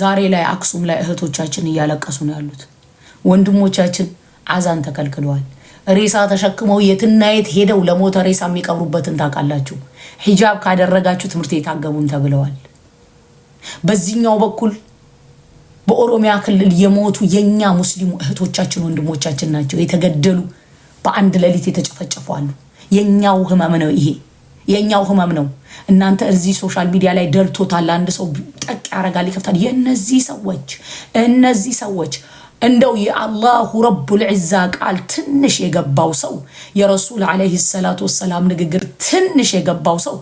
ዛሬ ላይ አክሱም ላይ እህቶቻችን እያለቀሱ ነው ያሉት። ወንድሞቻችን አዛን ተከልክለዋል። ሬሳ ተሸክመው የትናየት ሄደው ለሞተ ሬሳ የሚቀብሩበትን ታውቃላችሁ። ሂጃብ ካደረጋችሁ ትምህርት የታገቡም ተብለዋል። በዚህኛው በኩል በኦሮሚያ ክልል የሞቱ የእኛ ሙስሊሙ እህቶቻችን ወንድሞቻችን ናቸው የተገደሉ፣ በአንድ ሌሊት የተጨፈጨፏሉ። አሉ። የእኛው ህመም ነው ይሄ። የእኛው ህመም ነው። እናንተ እዚህ ሶሻል ሚዲያ ላይ ደልቶታል፣ አንድ ሰው ጠቅ ያረጋል፣ ይከፍታል። የእነዚህ ሰዎች እነዚህ ሰዎች እንደው የአላሁ ረቡል ዒዛ ቃል ትንሽ የገባው ሰው የረሱል ዓለይሂ ሰላቱ ወሰላም ንግግር ትንሽ የገባው ሰው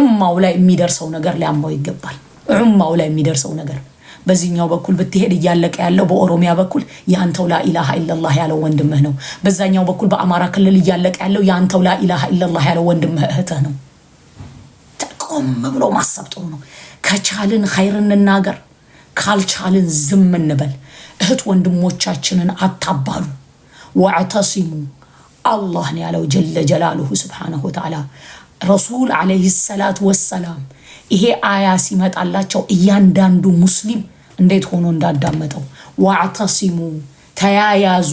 ዑማው ላይ የሚደርሰው ነገር ሊያማው ይገባል። ዑማው ላይ የሚደርሰው ነገር በዚህኛው በኩል ብትሄድ እያለቀ ያለው በኦሮሚያ በኩል የአንተው ላኢላሃ ኢለላህ ያለው ወንድምህ ነው። በዛኛው በኩል በአማራ ክልል እያለቀ ያለው የአንተው ላኢላሃ ኢለላህ ያለው ወንድምህ እህትህ ነው። ጠቆም ብሎ ማሰብ ጥሩ ነው። ከቻልን ኸይር እንናገር፣ ካልቻልን ዝም እንበል። እህት ወንድሞቻችንን አታባሉ። ወዕተሲሙ አላህን ያለው ጀለ ጀላልሁ ስብሓነሁ ወተዓላ ረሱል ዓለይሂ ሰላት ወሰላም ይሄ አያ ሲመጣላቸው እያንዳንዱ ሙስሊም እንዴት ሆኖ እንዳዳመጠው ዋዕተሲሙ ተያያዙ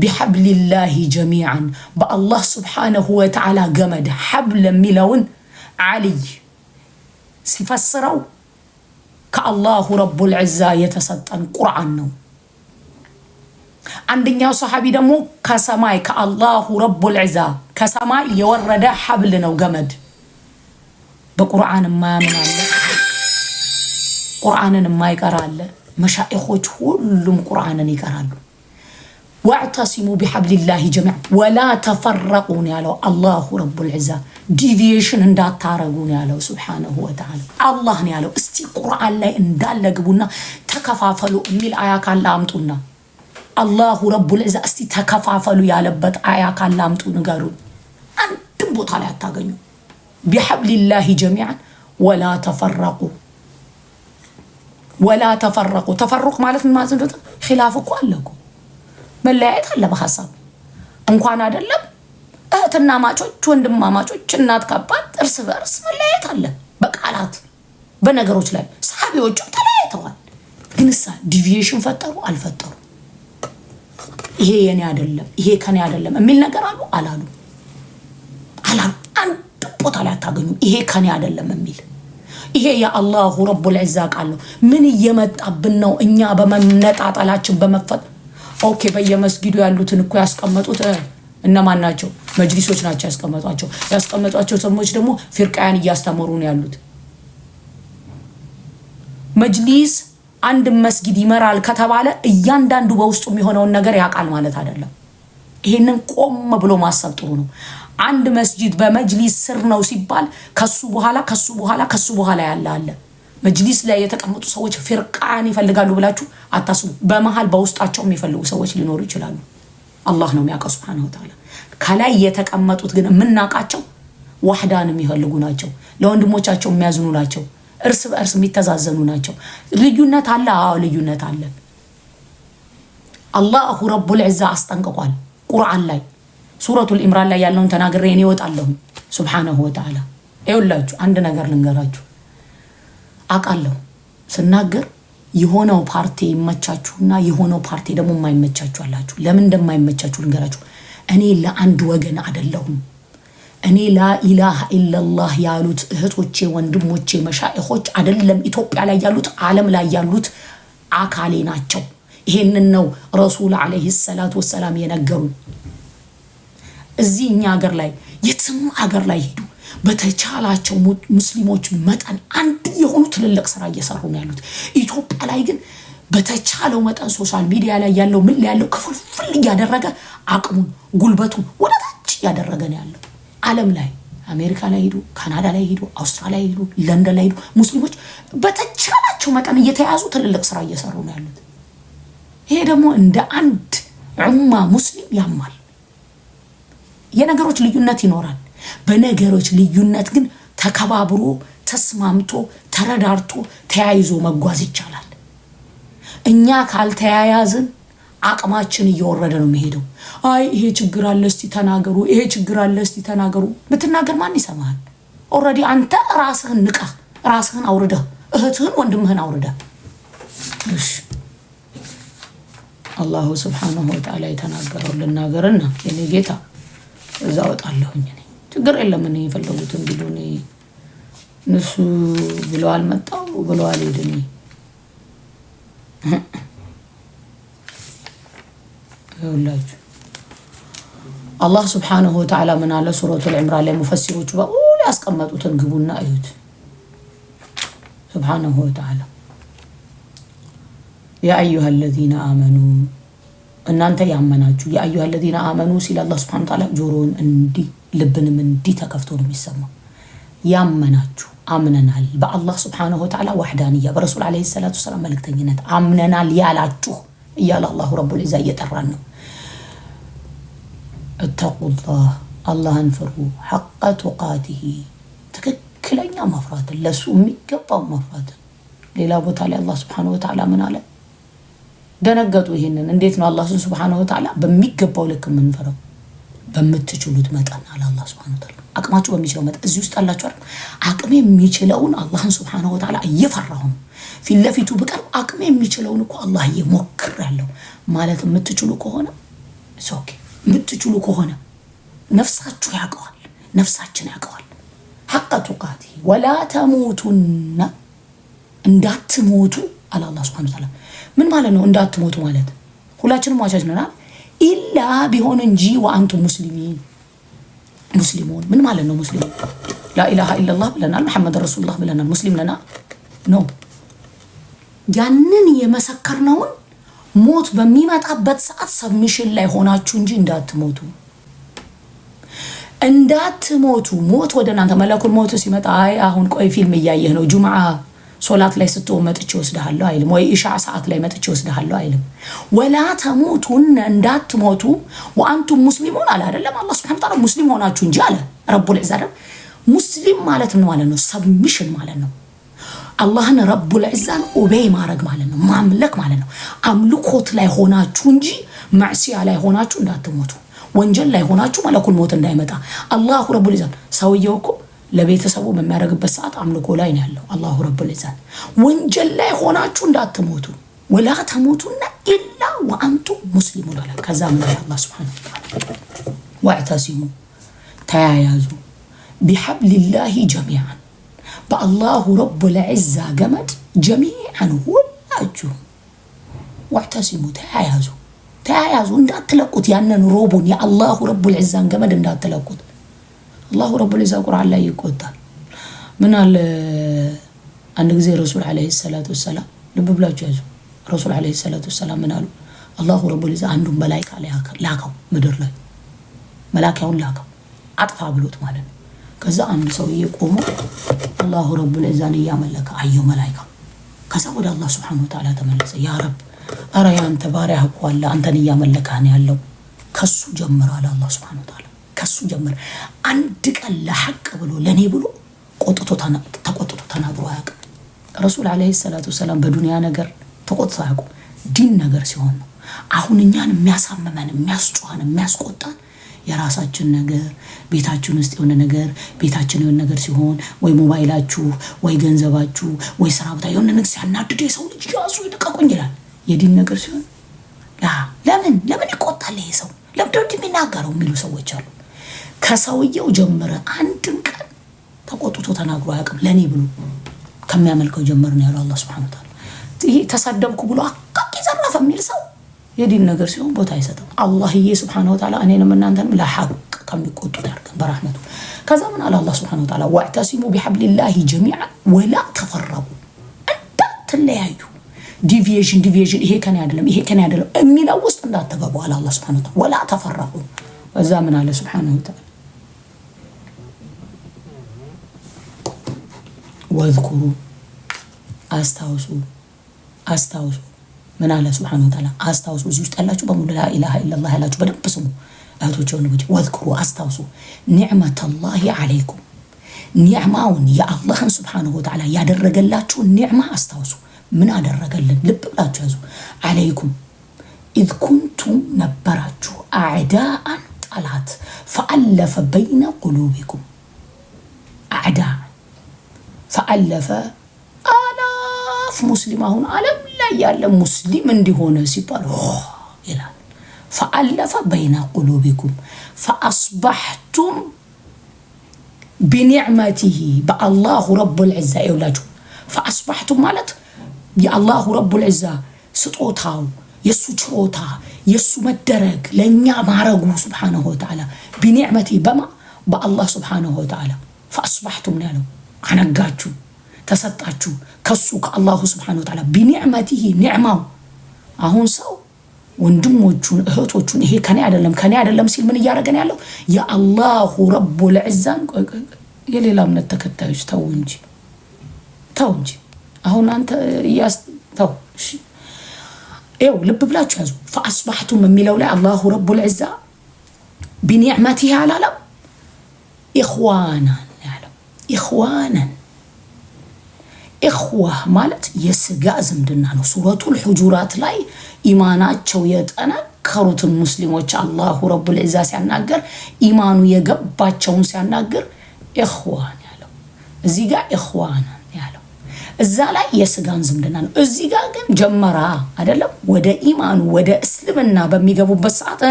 ቢሐብሊላሂ ጀሚዓን በአላህ ስብሓነሁ ወተዓላ ገመድ ሐብል የሚለውን ዓልይ ሲፈስረው ከአላሁ ረቡል ዒዛ የተሰጠን ቁርአን ነው። አንደኛው ሰሓቢ ደግሞ ከሰማይ ከአላሁ ረቡል ዒዛ ከሰማይ የወረደ ሐብል ነው ገመድ። በቁርአን ማያምን አለ ቁርአንን የማይቀራ አለ። መሻኢኾች ሁሉም ቁርአንን ይቀራሉ። ዋዕተሲሙ ቢሐብሊላሂ ጀሚዕ ወላ ተፈረቁን ያለው አላሁ ረቡል ዒዛ ዲቪዬሽን እንዳታረጉን ያለው ስብሓነሁ ወተዓላ አላህ ነው ያለው። እስቲ ቁርአን ላይ እንዳለ ግቡና ተከፋፈሉ የሚል አያ ካለ አምጡና አላሁ ረቡል ዒዛ እስቲ ተከፋፈሉ ያለበት አያ ካለ አምጡ ንገሩን። አንድም ቦታ ላይ አታገኙ። ቢሐብሊላሂ ጀሚዓን ወላ ተፈረቁ ወላ ተፈረቁ ተፈሩቅ ማለት ምን ማለት ኪላፍ እኮ አለ እኮ መለያየት አለ በሀሳብ እንኳን አይደለም እህትና ማቾች ማጮች እናት ከባት እርስ በእርስ መለያየት አለ በቃላት በነገሮች ላይ ሳቢዎቹም ተለያይተዋል ግን ዲቪዬሽን ፈጠሩ አልፈጠሩ ይሄ የኔ አይደለም ይሄ ከኔ አይደለም የሚል ነገር አሉ አላሉ አላሉ አንድ ቦታ ላይ አታገኙ ይሄ ከኔ አይደለም የሚል ይሄ የአላሁ ረቡል ዒዛ ቃል ነው። ምን እየመጣብን ነው? እኛ በመነጣጠላችን በመፈጥ ኦኬ። በየመስጊዱ ያሉትን እኮ ያስቀመጡት እነማን ናቸው? መጅሊሶች ናቸው ያስቀመጧቸው። ያስቀመጧቸው ሰሞች ደግሞ ፊርቃያን እያስተመሩ ነው ያሉት። መጅሊስ አንድ መስጊድ ይመራል ከተባለ እያንዳንዱ በውስጡ የሚሆነውን ነገር ያውቃል ማለት አይደለም። ይሄንን ቆም ብሎ ማሰብ ጥሩ ነው። አንድ መስጂድ በመጅሊስ ስር ነው ሲባል ከሱ በኋላ ከሱ በኋላ ከሱ በኋላ ያለ አለ። መጅሊስ ላይ የተቀመጡ ሰዎች ፊርቃን ይፈልጋሉ ብላችሁ አታስቡ። በመሀል በውስጣቸው የሚፈልጉ ሰዎች ሊኖሩ ይችላሉ። አላህ ነው የሚያውቀው ስብሓነሁ ወተዓላ። ከላይ የተቀመጡት ግን የምናውቃቸው ዋህዳን የሚፈልጉ ናቸው። ለወንድሞቻቸው የሚያዝኑ ናቸው። እርስ በእርስ የሚተዛዘኑ ናቸው። ልዩነት አለ። አዎ ልዩነት አለ። አላሁ ረቡል አስጠንቅቋል ቁርአን ላይ ሱረቱል ኢምራን ላይ ያለውን ተናግሬ እኔ እወጣለሁ። ሱብሓነሁ ወተዓላ ይኸውላችሁ፣ አንድ ነገር ልንገራችሁ። አውቃለሁ ስናገር የሆነው ፓርቲ ይመቻችሁና የሆነው ፓርቲ ደግሞ የማይመቻችሁ አላችሁ። ለምን እንደማይመቻችሁ ልንገራችሁ። እኔ ለአንድ ወገን አይደለሁም። እኔ ላኢላሃ ኢለላህ ያሉት እህቶቼ፣ ወንድሞቼ፣ መሻይኾች አይደለም ኢትዮጵያ ላይ ያሉት ዓለም ላይ ያሉት አካሌ ናቸው። ይሄንን ነው ረሱል ዓለይሂ ሰላት ወሰላም የነገሩን። እዚህ እኛ ሀገር ላይ የትም ሀገር ላይ ሄዱ በተቻላቸው ሙስሊሞች መጠን አንድ የሆኑ ትልልቅ ስራ እየሰሩ ነው ያሉት። ኢትዮጵያ ላይ ግን በተቻለው መጠን ሶሻል ሚዲያ ላይ ያለው ምን ላይ ያለው ክፍልፍል እያደረገ አቅሙን ጉልበቱን ወደ ታች እያደረገ ነው ያለው። ዓለም ላይ አሜሪካ ላይ ሄዱ፣ ካናዳ ላይ ሄዱ፣ አውስትራሊያ ሄዱ፣ ለንደን ላይ ሄዱ። ሙስሊሞች በተቻላቸው መጠን እየተያዙ ትልልቅ ስራ እየሰሩ ነው ያሉት። ይሄ ደግሞ እንደ አንድ ዑማ ሙስሊም ያማል። የነገሮች ልዩነት ይኖራል። በነገሮች ልዩነት ግን ተከባብሮ ተስማምቶ ተረዳርቶ ተያይዞ መጓዝ ይቻላል። እኛ ካልተያያዝን አቅማችን እየወረደ ነው የሚሄደው። አይ ይሄ ችግር አለ እስቲ ተናገሩ፣ ይሄ ችግር አለ እስቲ ተናገሩ ብትናገር ማን ይሰማሃል? ኦልሬዲ አንተ ራስህን ንቀህ ራስህን አውርደህ እህትህን ወንድምህን አውርደህ አላሁ ስብሓነሁ ወተዓላ የተናገረው ልናገርና የኔ ጌታ እዛ ወጣለሁኝ። ችግር የለም። እኔ የፈለጉትን ቢሉ እኔ እነሱ ብለዋል መጣው ብለዋል ሄድ እኔ ይኸውላችሁ አላህ ስብሓንሁ ወተዓላ ምን አለ? ሱረቱል ዕምራን ላይ ሙፈሲሮቹ በሙሉ ያስቀመጡትን ግቡና እዩት። ስብሓንሁ ወተዓላ ያ አዩሃ አለዚነ አመኑ እናንተ ያመናችሁ የአዩሃ ለዚነ አመኑ ሲል አላህ ስብሐነ ወተዓላ ጆሮን እንዲህ ልብንም እንዲህ ተከፍቶ ነው የሚሰማው። ያመናችሁ አምነናል በአላህ ስብሐነ ወተዓላ ዋሕዳንያ በረሱል ዓለይሂ ሰላቱ ወሰላም መልእክተኝነት አምነናል ያላችሁ እያለ አላሁ ረቡል ዒዛ እየጠራን ነው። እተቁላህ አላህን ፍሩ፣ ሐቀ ቱቃቲሂ ትክክለኛ መፍራትን ለሱ የሚገባው መፍራትን። ሌላ ቦታ ላይ አላህ ስብሐነ ወተዓላ ምን አለ? ደነገጡ። ይሄንን እንዴት ነው አላህን ሱብሓነሁ ወተዓላ በሚገባው ልክ የምንፈራው? በምትችሉት መጠን አለ አላህ ሱብሓነሁ ወተዓላ አቅማችሁ በሚችለው መጠን እዚህ ውስጥ አላችሁ አይደል? አቅሜ የሚችለውን አላህን ሱብሓነሁ ወተዓላ እየፈራሁ ነው። ፊት ለፊቱ ብቀርብ አቅሜ የሚችለውን እኮ አላህ እየሞክር ያለው ማለት የምትችሉ ከሆነ ኦኬ፣ የምትችሉ ከሆነ ነፍሳችሁ ያውቀዋል፣ ነፍሳችን ያውቀዋል። ሐቀ ቱቃቲ ወላ ተሞቱና እንዳትሞቱ አለ አላህ ሱብሓነሁ ወተዓላ ምን ማለት ነው? እንዳትሞቱ ማለት ሁላችንም ሟቾች ነና ኢላ ቢሆን እንጂ ወአንቱም ሙስሊሚን ሙስሊሙን ምን ማለት ነው? ሙስሊሙ ላኢላሃ ኢለላህ ብለናል፣ መሐመድ ረሱሉላህ ብለናል። ሙስሊም ነና ነው ያንን የመሰከርነውን ሞት በሚመጣበት ሰዓት ሰብሚሽን ላይ ሆናችሁ እንጂ እንዳትሞቱ እንዳትሞቱ ሞት ወደ እናንተ መለኩል ሞቱ ሲመጣ አይ አሁን ቆይ ፊልም እያየህ ነው ጁምዓ ሶላት ላይ ስትሆን መጥቼ ወስድሃለሁ አይልም። ወይ ኢሻ ሰዓት ላይ መጥቼ ወስድሃለሁ አይልም። ወላ ተሙቱን እንዳትሞቱ ወአንቱም ሙስሊሙን አለ አይደለም። አላህ ሱብሓነሁ ወተዓላ ሙስሊም ሆናችሁ እንጂ አለ ረቡል ዒዛ። ሙስሊም ማለት ምን ማለት ነው? ሰብሚሽን ማለት ነው። አላህን ረቡል ዒዛን ኦቤይ ማድረግ ማለት ነው፣ ማምለክ ማለት ነው። አምልኮት ላይ ሆናችሁ እንጂ ማዕሲያ ላይ ሆናችሁ እንዳትሞቱ፣ ወንጀል ላይ ሆናችሁ መለኩል ሞት እንዳይመጣ አላሁ ረቡል ዒዛን ሰውየው እኮ ለቤተሰቡ በሚያደርግበት ሰዓት አምልኮ ላይ ነው ያለው። አላሁ ረብል ዒዛ ወንጀል ላይ ሆናችሁ እንዳትሞቱ ወላ ተሞቱና ኢላ ወአንቱ ሙስሊሙን አለ። ከዛ ምን አላህ ስብሓነሁ ወተዓላ ተያያዙ ቢሐብሊላሂ ጀሚዓን በአላሁ ረብል ዒዛ ገመድ ጀሚዓን ሁላችሁ ወዕተሲሙ ተያያዙ ተያያዙ እንዳትለቁት፣ ያንን ሮቡን የአላሁ ረብል ዒዛን ገመድ እንዳትለቁት አላሁ ረቡል ዒዛ ቁርአን ላይ ይቆጣል። ምን አለ አንድ ጊዜ ረሱል ዓለይሂ ሰላቱ ወሰላም፣ ልብ ብላችሁ ያዙ። ረሱል ዓለይሂ ሰላቱ ወሰላም ምን አሉ? አላሁ ረቡል ዒዛ አንዱን መላይካ ላከው ምድር ላይ መላኪያውን ላከው አጥፋ ብሎት ማለት ነው። ከዛ አንድ ሰውዬ ቆሞ አላሁ ረቡል ዒዛን እያመለከ አየው መላይካ። ከዛ ወደ አላህ ስብሐነ ወተዓላ ተመለሰ። ያ ረብ አረ ያንተ ባሪያ እኮ አለ አንተን እያመለከህ ያለው። ከሱ ጀምር አላህ ስብሐነ ወተዓላ ከሱ ጀምር። አንድ ቀን ለሐቅ ብሎ ለእኔ ብሎ ተቆጥቶ ተናግሮ አያውቅም። ረሱል ዓለይሂ ሰላቱ ወሰላም በዱንያ ነገር ተቆጥቶ አያውቁም። ዲን ነገር ሲሆን ነው። አሁን እኛን የሚያሳምመን የሚያስጮኸን የሚያስቆጣን የራሳችን ነገር ቤታችን ውስጥ የሆነ ነገር ቤታችን የሆነ ነገር ሲሆን ወይ ሞባይላችሁ፣ ወይ ገንዘባችሁ፣ ወይ ስራ ቦታ የሆነ ነገር ሲያናድድ የሰው ልጅ ያዙ ይልቀቁኝ ይላል። የዲን ነገር ሲሆን ለምን ለምን ይቆጣል ይሄ ሰው ለምደድ የሚናገረው የሚሉ ሰዎች አሉ። ከሰውየው ጀምረ አንድን ቀን ተቆጥቶ ተናግሮ አያውቅም። ለእኔ ብሎ ከሚያመልከው ጀመር ነው ያለው አላህ ሱብሓነሁ ወተዓላ። ይሄ ተሳደብኩ ብሎ አቃቂ ዘራፍ የሚል ሰው የዲን ነገር ሲሆን ቦታ አይሰጥም። አላህዬ ሱብሓነሁ ወተዓላ እኔንም እናንተንም ለሐቅ ከሚቆጡት ያድርገን በራህመቱ። ከዛ ምን አለ አላህ ሱብሓነሁ ወተዓላ ወዕተሲሙ ቢሐብሊላሂ ጀሚዓን ወላ ተፈረቁ፣ እንዳትለያዩ ዲቪዬሽን ዲቪዬሽን፣ ይሄ ከኔ አይደለም ይሄ ከኔ አይደለም የሚለው ውስጥ እንዳትገቡ አለ አላህ ሱብሓነሁ ወተዓላ። ወላ ተፈረቁ። እዛ ምን አለ ሱብሓነሁ ወተዓላ ወዝኩሩ አስታውሱ አስታውሱ ምን አለ ስብሓን ወተዓላ አስታውሱ። እዚህ ውስጥ ያላችሁ በሙሉ ላኢላሃ ኢለላ ያላችሁ በደንብ ስሙ እህቶች፣ ወንድሞች ወዝኩሩ አስታውሱ ኒዕመተላሂ ዓለይኩም ኒዕማውን የአላህን ስብሓንሁ ወተዓላ ያደረገላችሁን ኒዕማ አስታውሱ። ምን አደረገልን? ልብ ብላችሁ ያዙ። ዓለይኩም ኢዝ ኩንቱም ነበራችሁ አዕዳአን ጠላት ፈአለፈ በይነ ቁሉቢኩም አለፈ። አላፍ ሙስሊም አሁን ዓለም ላይ ያለ ሙስሊም እንዲሆነ ሲባል ይላል ፈአለፈ በይነ ቁሉቢኩም ፈአስባሕቱም ቢኒዕመቲሂ በአላሁ ረቡል ዒዛ ይውላችሁ ፈአስባሕቱም ማለት የአላሁ ረቡል ዒዛ ስጦታው የእሱ ችሮታ የእሱ መደረግ ለእኛ ማረጉ ስብሓነሁ ወተዓላ ቢኒዕመቲ በማ በአላህ ስብሓነሁ ወተዓላ ፈአስባሕቱም ነው ያለው አነጋችሁ ተሰጣችሁ ከሱ ከአላሁ ስብሓነሁ ወተዓላ ቢኒዕመቲሂ ኒዕማው። አሁን ሰው ወንድሞቹን እህቶቹን ይሄ ከኔ አይደለም ከኔ አይደለም ሲል ምን እያደረገን ያለው የአላሁ ረቡል ዒዛን የሌላ እምነት ተከታዮች ተው እንጂ ተው እንጂ። አሁን አንተ ተው ው ልብ ብላችሁ ያዙ። ፈአስባሕቱም የሚለው ላይ አላሁ ረቡል ዒዛ ቢኒዕመቲሂ አላለም ኢኽዋናን ኢኽዋነን ኢኽዋህ ማለት የስጋ ዝምድና ነው። ሱረቱል ሑጁራት ላይ ኢማናቸው የጠነከሩትን ሙስሊሞች አላሁ ረቡል ዒዛ ሲያናገር ኢማኑ የገባቸውን ሲያናግር ኢኽዋን ያለው እዚህ ጋር ኢኽዋነን ያለው እዛ ላይ የስጋን ዝምድና ነው። እዚህ ጋር ግን ጀመራ አይደለም። ወደ ኢማኑ ወደ እስልምና በሚገቡበት ሰዓት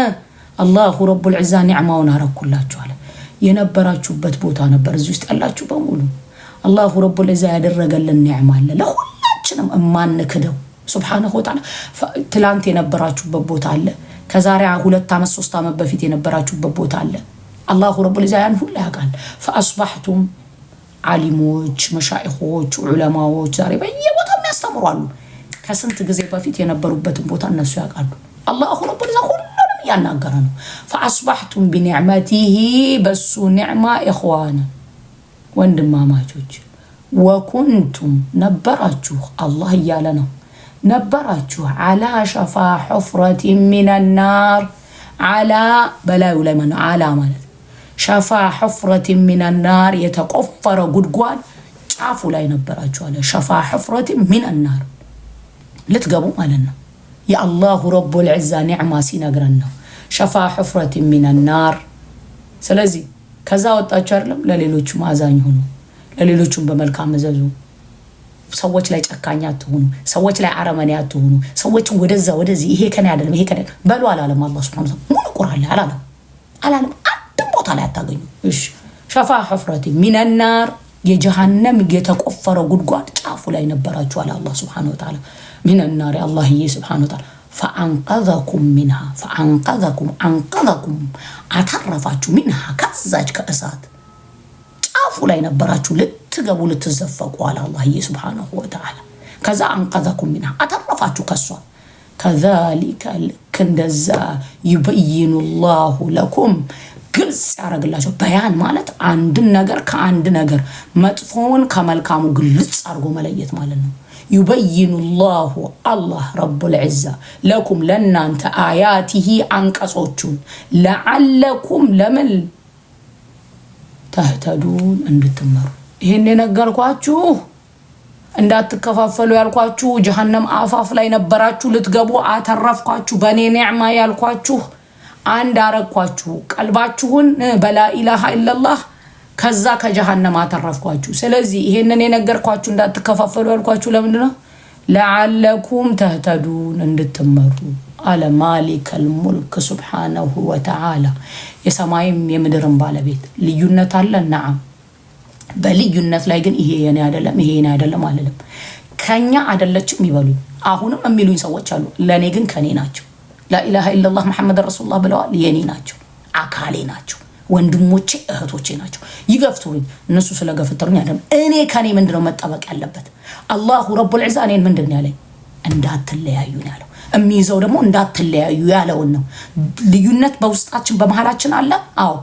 አላሁ ረቡል ዒዛ ኒዕማውን አረኩላችኋል የነበራችሁበት ቦታ ነበር። እዚህ ውስጥ ያላችሁ በሙሉ አላሁ ረቡል ዒዛ ያደረገልን ኒዕማ ለሁላችንም እማንክደው ሱብሓነሁ ወተዓላ ትላንት የነበራችሁበት ቦታ አለ። ከዛሬ ሁለት ዓመት ሶስት ዓመት በፊት የነበራችሁበት ቦታ አለ። አላሁ ረቡል ዒዛ ያን ሁሉ ያውቃል። ፈአስባሕቱም ዓሊሞች፣ መሻኢኾች፣ ዑለማዎች ዛሬ በየቦታ የሚያስተምሯሉ። ከስንት ጊዜ በፊት የነበሩበትን ቦታ እነሱ ያውቃሉ። አላሁ ረቡል ዒዛ እያናገረ ነው። ፈአስባሕቱም ቢኒዕመቲሂ በሱ ኒዕማ ኢኽዋነ ወንድማማቾች፣ ወኩንቱም ነበራችሁ፣ አላህ እያለ ነው ነበራችሁ አላ ሸፋ ሑፍረት ሚነናር ዓላ በላዩ ላይ ነው ዓላ ማለት ሸፋ ሑፍረት ሚነናር የተቆፈረ ጉድጓድ ጫፉ ላይ ነበራችሁ አለ። ሸፋ ሑፍረት ሚነናር ልትገቡ ማለት ነው። የአላሁ ረቡል ዒዛ ኒዕማ ሲነግረን ነው። ሸፋ ሑፍረት ሚነናር። ስለዚህ ከዛ ወጣችሁ አይደለም ለሌሎቹም አዛኝ ሆኑ፣ ለሌሎቹም በመልካም መዘዙ። ሰዎች ላይ ጨካኝ አትሆኑ፣ ሰዎች ላይ አረመኔ አትሆኑ። ሰዎችን ወደዛ ወደዚህ ይሄ ከኔ አይደለም ይሄ ከኔ በሉ አላለም። አላህ ሱብሓነሁ ወተዓላ ሙሉ ቁርአን ላይ አላለም አላለም። አንድም ቦታ ላይ አታገኙ። እሺ ሸፋ ሑፍረት ሚነናር የጀሃነም የተቆፈረ ጉድጓድ ጫፉ ላይ ነበራችኋል። አላህ ሱብሓነሁ ወተዓላ ሚነናሪ አላህዬ ስብሓን ወታላ ፈአንቀዘኩም ሚንሃ ፈአንቀዘኩም አንቀዘኩም አተረፋችሁ ሚንሃ ከዛች ከእሳት ጫፉ ላይ ነበራችሁ ልትገቡ ልትዘፈቁ አለ አላህዬ ስብሓነሁ ወተዓላ። ከዛ አንቀዘኩም ሚንሃ አተረፋችሁ ከሷ ከዛሊከ ልክ እንደዛ ዩበይኑ ላሁ ለኩም ግልጽ ያደረግላቸው። በያን ማለት አንድን ነገር ከአንድ ነገር መጥፎውን ከመልካሙ ግልጽ አድርጎ መለየት ማለት ነው። ዩበይኑ ላሁ አላህ ረቡል ዒዛ ለኩም ለእናንተ አያቲሂ አንቀጾቹን ለዓለኩም ለምን ተህተዱን እንድትመሩ ይህን የነገርኳችሁ እንዳትከፋፈሉ ያልኳችሁ ጀሀነም አፋፍ ላይ ነበራችሁ ልትገቡ አተረፍኳችሁ በእኔ ኒዕማ ያልኳችሁ አንድ አረግኳችሁ ቀልባችሁን በላኢላሃ ኢለላህ ከዛ ከጀሃነም አተረፍኳችሁ። ስለዚህ ይሄንን የነገርኳችሁ እንዳትከፋፈሉ ያልኳችሁ ለምንድን ነው? ለዓለኩም ተህተዱን እንድትመሩ አለ ማሊክ አልሙልክ ሱብሓነሁ ወተዓላ የሰማይም የምድርን ባለቤት። ልዩነት አለ ነዓም። በልዩነት ላይ ግን ይሄ የኔ አይደለም ይሄ የኔ አይደለም አልልም። ከኛ አይደለችም ይበሉኝ። አሁንም የሚሉኝ ሰዎች አሉ። ለእኔ ግን ከኔ ናቸው። ላኢላሃ ኢለላህ መሐመድ ረሱሉላህ ብለዋል። የኔ ናቸው፣ አካሌ ናቸው። ወንድሞቼ እህቶቼ ናቸው። ይገፍትሩኝ፣ እነሱ ስለገፍተሩኝ አይደለም። እኔ ከኔ ምንድነው መጠበቅ ያለበት? አላሁ ረቡል ዒዛ እኔን ምንድን ያለኝ እንዳትለያዩ ነው ያለው። የሚይዘው ደግሞ እንዳትለያዩ ያለውን ነው። ልዩነት በውስጣችን በመሃላችን አለ። አዎ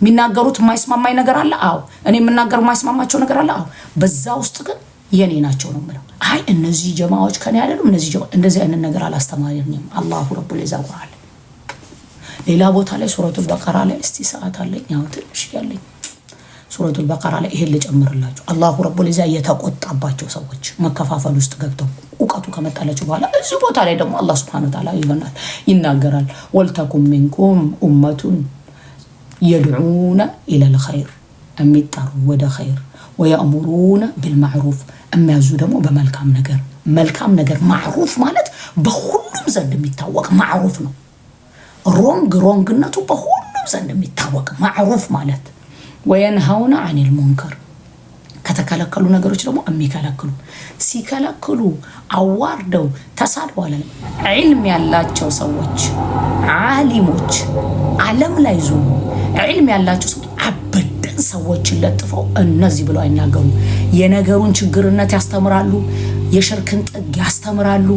የሚናገሩት የማይስማማኝ ነገር አለ። አዎ እኔ የምናገሩ የማይስማማቸው ነገር አለ። አዎ በዛ ውስጥ ግን የኔ ናቸው ነው የምለው። አይ እነዚህ ጀማዎች ከኔ አይደሉም፣ እነዚህ እንደዚህ አይነት ነገር አላስተማሪም። አላሁ ረቡል ዒዛ ቁርአን ሌላ ቦታ ላይ ሱረቱል በቀራ ላይ እስቲ ሰዓት አለኝ ያው ትንሽ ያለኝ ሱረቱል በቀራ ላይ ይሄን ልጨምርላቸው። አላሁ ረቡል ዒዛ የተቆጣባቸው ሰዎች መከፋፈል ውስጥ ገብተው እውቀቱ ከመጣላቸው በኋላ እዚህ ቦታ ላይ ደግሞ አላህ ስብሐነ ወተዓላ ይሆናል ይናገራል። ወልተኩም ሚንኩም ኡመቱን የድዑነ ኢለል ኸይር የሚጣሩ ወደ ኸይር ወየእሙሩነ ቢልማዕሩፍ የሚያዙ ደግሞ በመልካም ነገር መልካም ነገር ማዕሩፍ ማለት በሁሉም ዘንድ የሚታወቅ ማዕሩፍ ነው። ሮንግ ሮንግነቱ በሁሉም ዘንድ የሚታወቅ ማዕሩፍ ማለት ወየንሃውና አኒል ሙንከር ከተከለከሉ ነገሮች ደግሞ የሚከለክሉ ሲከለክሉ አዋርደው ተሳድበዋል። ዒልም ያላቸው ሰዎች አሊሞች ዓለም ላይ ዙሩ ዒልም ያላቸው ሰዎች አበደን ሰዎችን ለጥፈው እነዚህ ብለው አይናገሩ የነገሩን ችግርነት ያስተምራሉ። የሽርክን ጥግ ያስተምራሉ።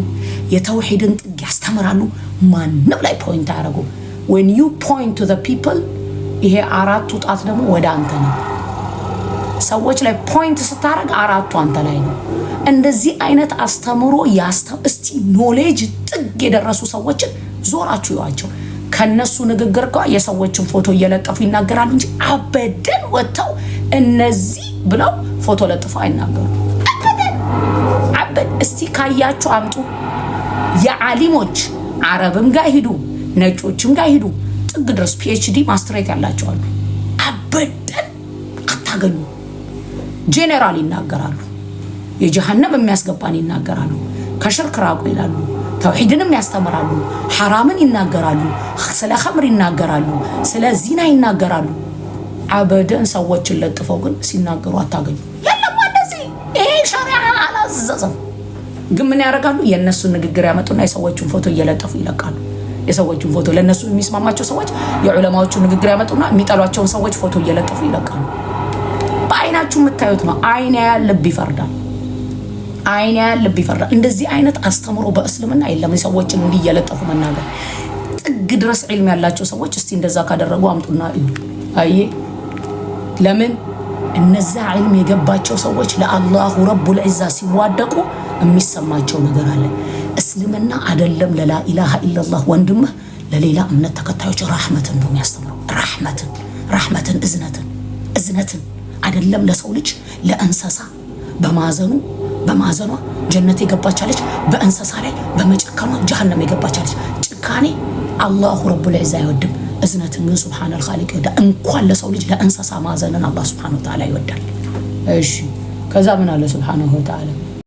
የተውሒድን ጥግ ያስተምራሉ። ማንም ላይ ፖይንት አያደርጉ። ወን ዩ ፖይንት ቱ ፒፕል ይሄ አራቱ ጣት ደግሞ ወደ አንተ ነው። ሰዎች ላይ ፖይንት ስታደርግ አራቱ አንተ ላይ ነው። እንደዚህ አይነት አስተምሮ እስቲ ኖሌጅ ጥግ የደረሱ ሰዎችን ዞራችሁ ይዋቸው። ከነሱ ንግግር ጋር የሰዎችን ፎቶ እየለጠፉ ይናገራሉ እንጂ አበደን ወጥተው እነዚህ ብለው ፎቶ ለጥፈው አይናገሩ። አበደን እስቲ ካያችሁ አምጡ። የአሊሞች አረብም ጋር ሂዱ፣ ነጮችም ጋር ሂዱ፣ ጥግ ድረስ ፒኤችዲ ማስትሬት ያላቸዋሉ። አበደን አታገኙ። ጄኔራል ይናገራሉ፣ የጀሃነም የሚያስገባን ይናገራሉ፣ ከሽርክ ራቁ ይላሉ፣ ተውሒድንም ያስተምራሉ፣ ሐራምን ይናገራሉ፣ ስለ ኸምር ይናገራሉ፣ ስለ ዚና ይናገራሉ። አበደን ሰዎችን ለጥፈው ግን ሲናገሩ አታገኙ። የለም እንደዚህ ይሄ ሸሪዓ አላዘዘም። ግን ምን ያደርጋሉ? የእነሱን ንግግር ያመጡና የሰዎቹን ፎቶ እየለጠፉ ይለቃሉ። የሰዎቹን ፎቶ ለእነሱ የሚስማማቸው ሰዎች የዑለማዎቹን ንግግር ያመጡና የሚጠሏቸውን ሰዎች ፎቶ እየለጠፉ ይለቃሉ። በአይናችሁ የምታዩት ነው። አይን ያያል፣ ልብ ይፈርዳል። አይን ያያል፣ ልብ ይፈርዳል። እንደዚህ አይነት አስተምሮ በእስልምና የለም። ሰዎችን እንዲህ እየለጠፉ መናገር ጥግ ድረስ ዒልም ያላቸው ሰዎች እስቲ እንደዛ ካደረጉ አምጡና እዩ። አይ ለምን እነዛ ዒልም የገባቸው ሰዎች ለአላሁ ረቡል ዒዛ ሲዋደቁ የሚሰማቸው ነገር አለ። እስልምና አደለም ለላኢላሃ ኢለላህ ወንድምህ ለሌላ እምነት ተከታዮች ራህመትን ነው የሚያስተምረው። ራህመትን ራህመትን እዝነትን እዝነትን አደለም ለሰው ልጅ ለእንሰሳ በማዘኑ በማዘኗ ጀነት የገባቻለች፣ በእንሰሳ ላይ በመጨከኗ ጀሃነም የገባቻለች። ጭካኔ አላሁ ረቡል ዒዛ አይወድም። እዝነትን ግን ሱብሓነል ኻሊቅ ይወዳል። እንኳን ለሰው ልጅ ለእንሰሳ ማዘንን አላህ ሱብሓነሁ ወተዓላ ይወዳል። እሺ ከዛ ምን አለ ሱብሓነሁ ወተዓላ